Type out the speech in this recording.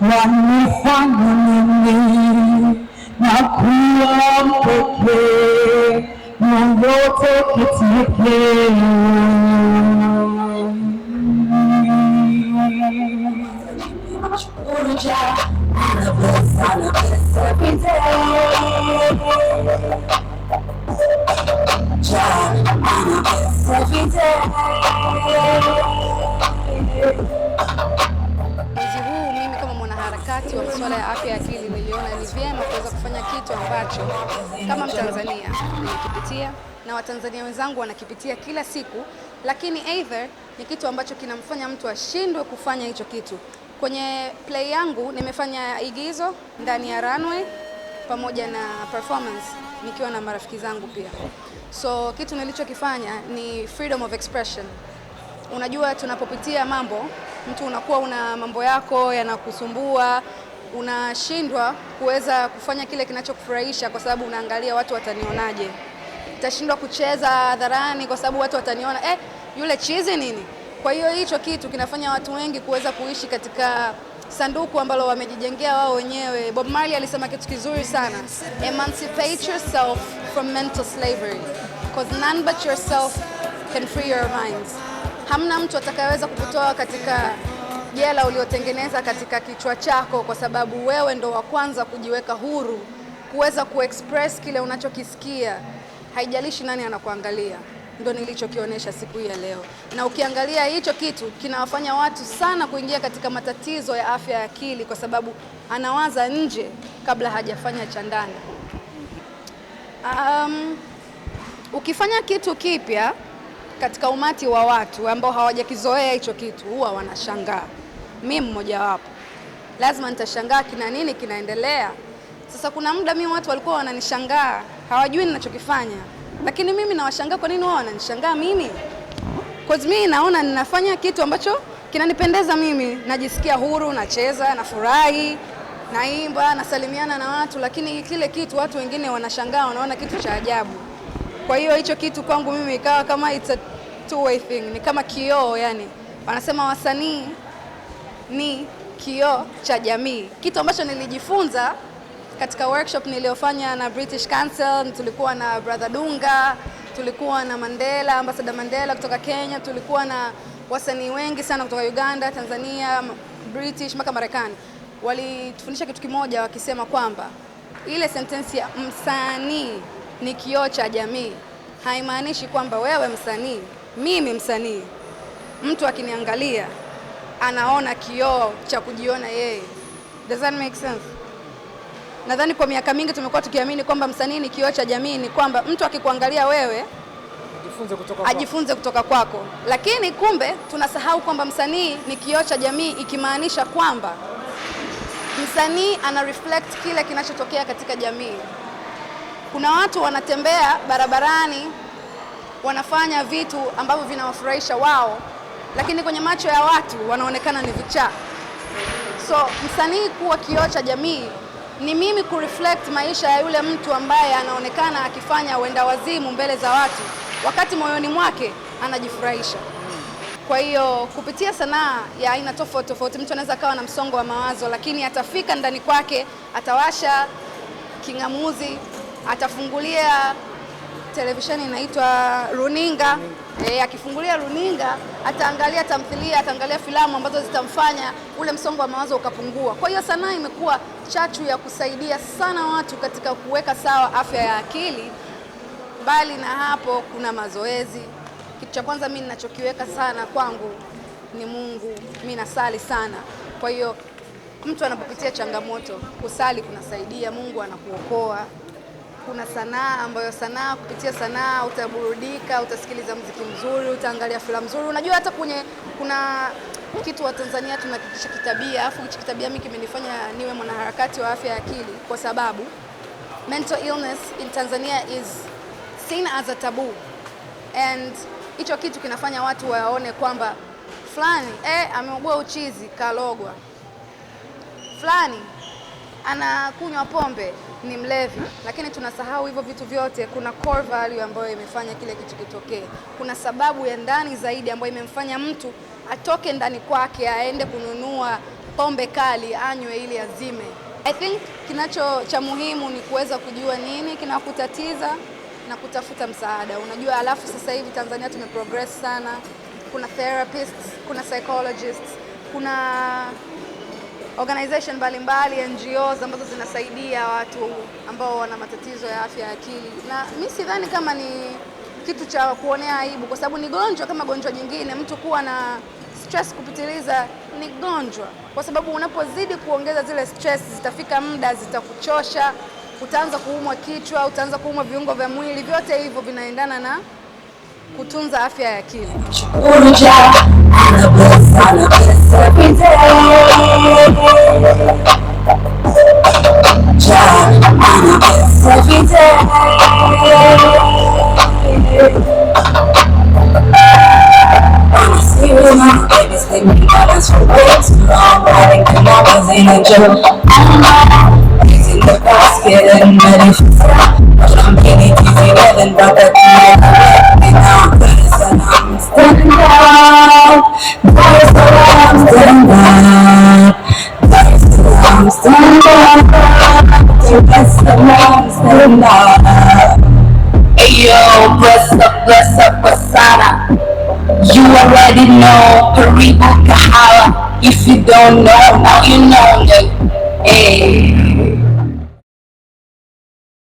wanifanya mimi na kuwa mpekee na wote kitekewe wakati wa masuala ya afya ya akili, niliona ni vyema kuweza kufanya kitu ambacho kama Mtanzania nimekipitia na Watanzania wenzangu wanakipitia kila siku, lakini either ni kitu ambacho kinamfanya mtu ashindwe kufanya hicho kitu. Kwenye play yangu nimefanya igizo ndani ya runway pamoja na performance nikiwa na marafiki zangu pia. So kitu nilichokifanya ni freedom of expression. Unajua tunapopitia mambo mtu unakuwa una mambo yako yanakusumbua, unashindwa kuweza kufanya kile kinachokufurahisha kwa sababu unaangalia watu watanionaje. Utashindwa kucheza hadharani kwa sababu watu wataniona, eh, yule chizi nini. Kwa hiyo hicho kitu kinafanya watu wengi kuweza kuishi katika sanduku ambalo wamejijengea wao wenyewe. Bob Marley alisema kitu kizuri sana, emancipate yourself from mental slavery because none but yourself can free your minds hamna mtu atakayeweza kukutoa katika jela uliotengeneza katika kichwa chako, kwa sababu wewe ndo wa kwanza kujiweka huru kuweza kuexpress kile unachokisikia, haijalishi nani anakuangalia. Ndo nilichokionyesha siku hii ya leo, na ukiangalia hicho kitu kinawafanya watu sana kuingia katika matatizo ya afya ya akili, kwa sababu anawaza nje kabla hajafanya cha ndani. Um, ukifanya kitu kipya katika umati wa watu ambao hawajakizoea hicho kitu, huwa wanashangaa. Mi mmojawapo, lazima nitashangaa kina nini kinaendelea. Sasa kuna muda mi watu walikuwa wananishangaa, hawajui ninachokifanya, lakini mimi nawashangaa. Kwa nini wao wananishangaa mimi? Cause mi naona ninafanya kitu ambacho kinanipendeza mimi, najisikia huru, nacheza, nafurahi, naimba, nasalimiana na watu, lakini kile kitu watu wengine wanashangaa, wanaona kitu cha ajabu. Kwa hiyo hicho kitu kwangu mimi ikawa kama it's a two way thing, ni kama kioo yani. Wanasema wasanii ni kioo cha jamii, kitu ambacho nilijifunza katika workshop niliyofanya na British Council. Tulikuwa na Brother Dunga, tulikuwa na Mandela, Ambassador Mandela kutoka Kenya, tulikuwa na wasanii wengi sana kutoka Uganda, Tanzania, British mpaka Marekani. Walitufundisha kitu kimoja, wakisema kwamba ile sentensi ya msanii ni kioo cha jamii haimaanishi kwamba wewe msanii mimi msanii, mtu akiniangalia anaona kioo cha kujiona yeye. Does that make sense? Nadhani kwa miaka mingi tumekuwa tukiamini kwamba msanii ni kioo cha jamii, ni kwamba mtu akikuangalia wewe ajifunze kutoka, ajifunze kutoka kwako, lakini kumbe tunasahau kwamba msanii ni kioo cha jamii, ikimaanisha kwamba msanii ana reflect kile kinachotokea katika jamii. Kuna watu wanatembea barabarani wanafanya vitu ambavyo vinawafurahisha wao, lakini kwenye macho ya watu wanaonekana ni vichaa. So msanii kuwa kioo cha jamii ni mimi kureflect maisha ya yule mtu ambaye anaonekana akifanya uenda wazimu mbele za watu, wakati moyoni mwake anajifurahisha. Kwa hiyo kupitia sanaa ya aina tofauti tofauti, mtu anaweza akawa na msongo wa mawazo, lakini atafika ndani kwake, atawasha king'amuzi, atafungulia televisheni inaitwa runinga e, akifungulia runinga ataangalia tamthilia, ataangalia filamu ambazo zitamfanya ule msongo wa mawazo ukapungua. Kwa hiyo sanaa imekuwa chachu ya kusaidia sana watu katika kuweka sawa afya ya akili. Mbali na hapo, kuna mazoezi. Kitu cha kwanza mimi ninachokiweka sana kwangu ni Mungu, mimi nasali sana. Kwa hiyo mtu anapopitia changamoto, kusali kunasaidia, Mungu anakuokoa kuna sanaa ambayo sanaa, kupitia sanaa utaburudika, utasikiliza mziki mzuri, utaangalia filamu nzuri. Unajua hata kwenye kuna kitu wa Tanzania tunakikisha kitabia, afu hichi kitabia mimi kimenifanya niwe mwanaharakati wa afya ya akili, kwa sababu mental illness in Tanzania is seen as a taboo and hicho kitu kinafanya watu waone kwamba fulani eh, ameugua uchizi kalogwa fulani anakunywa pombe ni mlevi, lakini tunasahau hivyo vitu vyote. Kuna core value ambayo imefanya kile kitu kitokee, kuna sababu ya ndani zaidi ambayo imemfanya mtu atoke ndani kwake aende kununua pombe kali anywe ili azime. I think kinacho cha muhimu ni kuweza kujua nini kinakutatiza na kutafuta msaada, unajua. Alafu sasa hivi Tanzania tumeprogress sana, kuna therapists, kuna psychologists, kuna organization mbalimbali NGOs ambazo zinasaidia watu ambao wana matatizo ya afya ya akili, na mi sidhani kama ni kitu cha kuonea aibu, kwa sababu ni gonjwa kama gonjwa jingine. Mtu kuwa na stress kupitiliza ni gonjwa, kwa sababu unapozidi kuongeza zile stress, zitafika muda zitakuchosha, utaanza kuumwa kichwa, utaanza kuumwa viungo vya mwili, vyote hivyo vinaendana na kutunza afya ya akili. promises every day. Try promises every day. Honestly, with my babies, they make balance for way too long. Riding the numbers in a joke. I'm not using the basket getting ready for sale. But I'm getting easy, nothing but the tonight. yo, bless up, bless up, Basada. You already know Kariba Kahara. If you don't know, now you know. Hey.